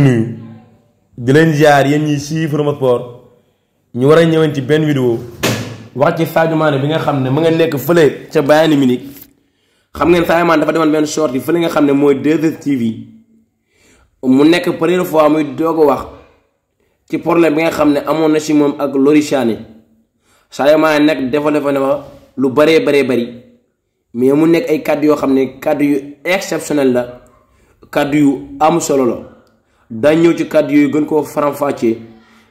nuyu di leen jaar yéen ñi suivre Rmo Sport ñu wara a ñëwen ci benn vidéo wax ci Sadio Mané bi nga xam ma nga nek fële ci bayani minik xam ngeen Sadio Mané dafa demoon ben short yi fële nga xam moy mooy 2 tv mu nek première fois muy dogo wax ci problème bi nga xam ne amoon na si moom ak Leroy Sané Sadio Mané nekk développé na lu bare bare bëri mais mu nek ay cadeau yo xam cadeau yu exceptionnel la cadeau yu am solo la dañ ñëw ci kàddu yooyu gën koo faram-fàccee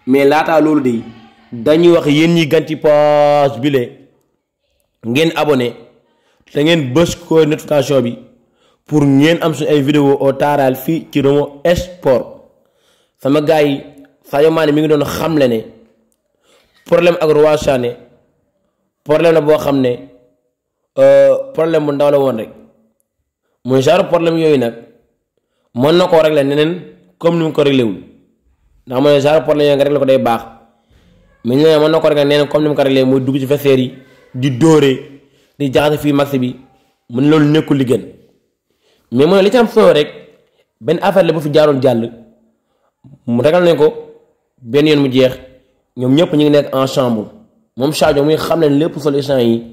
mais laataa loolu de dañuy wax yéen yi ganti page bi le ngeen abonné te ngeen bës ko notification bi pour ngeen am suñu ay vidéo au taaral fii ci Romo Sport sama gars yi Sadio maane mi ngi doon xamle ne problème ak Leroy Sané problème la boo xam ne euh, problème bu ndaw la woon rek muy genre problème yooyu nag mën na koo régler neneen comme ni mu ko réglé wul ndax mo ne genre problème nga la ko day bax mais ñu ne mën na ko réglé nee comme ni mu ko réglé mooy dugg ci vestiaire yi di doré di jaxase fi max bi mu ne loolu nekkul li gën mais mo ne li ci am solo rek ben affaire la bu fi jaaroon jall mu ragal nañ ko ben yoon mu jeex ñom ñëpp ñi ngi nek en chambre mom chaajo muy xam ne lépp sol échange yi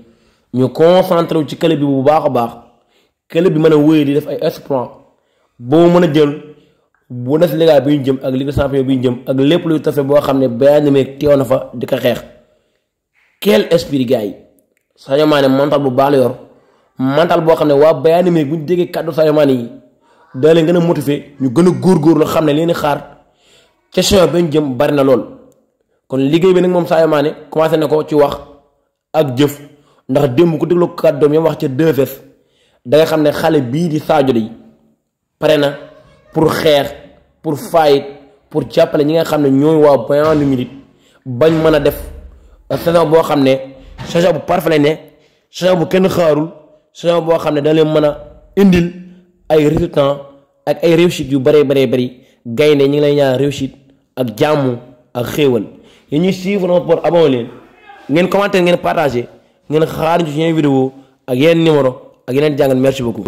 ñu concentré wu ci club bi bu baax baax club bi mëna wëy li def ay exploit bo mëna jël. bu Bundesliga bi ñu jëm ak Ligue des champions bi jëm ak lépp luy tafe boo xam ne Bayern Munich teew na fa di ko xeex quel esprit yi Sadio Mané mental bu baax la boo xam ne waa Bayern Munich kàddu Sadio Mané yi da leen gën a motiver ñu gën a góorgóorlu xam ne leen xaar ca saison bi bari na lool. kon liggéey bi nag moom Sadio commencé na ko ci wax ak jëf ndax démb ku déglu kàddoom yom wax ca 2S da nga xam ne xale bii di Sadio day pare na. pour xeex pour fight pour jàppale ñi nga xam ne ñooy waa Bayern Munich bañ mën a def saison boo xam ne saison bu parfait lay ne saison bu kenn xaarul saison boo xam ne da leen mën a indil ay résultats ak ay réussite yu bëree bëree bëri gaynde ñi ngi lay ñaan réussite ak jàmm ak xéewal yi ñuy suivre Mon Sport abonné leen ngeen commenté ngeen partager ngeen xaar ñu ci yeneen vidéo ak yeneen numéro ak yeneen jàngal merci beaucoup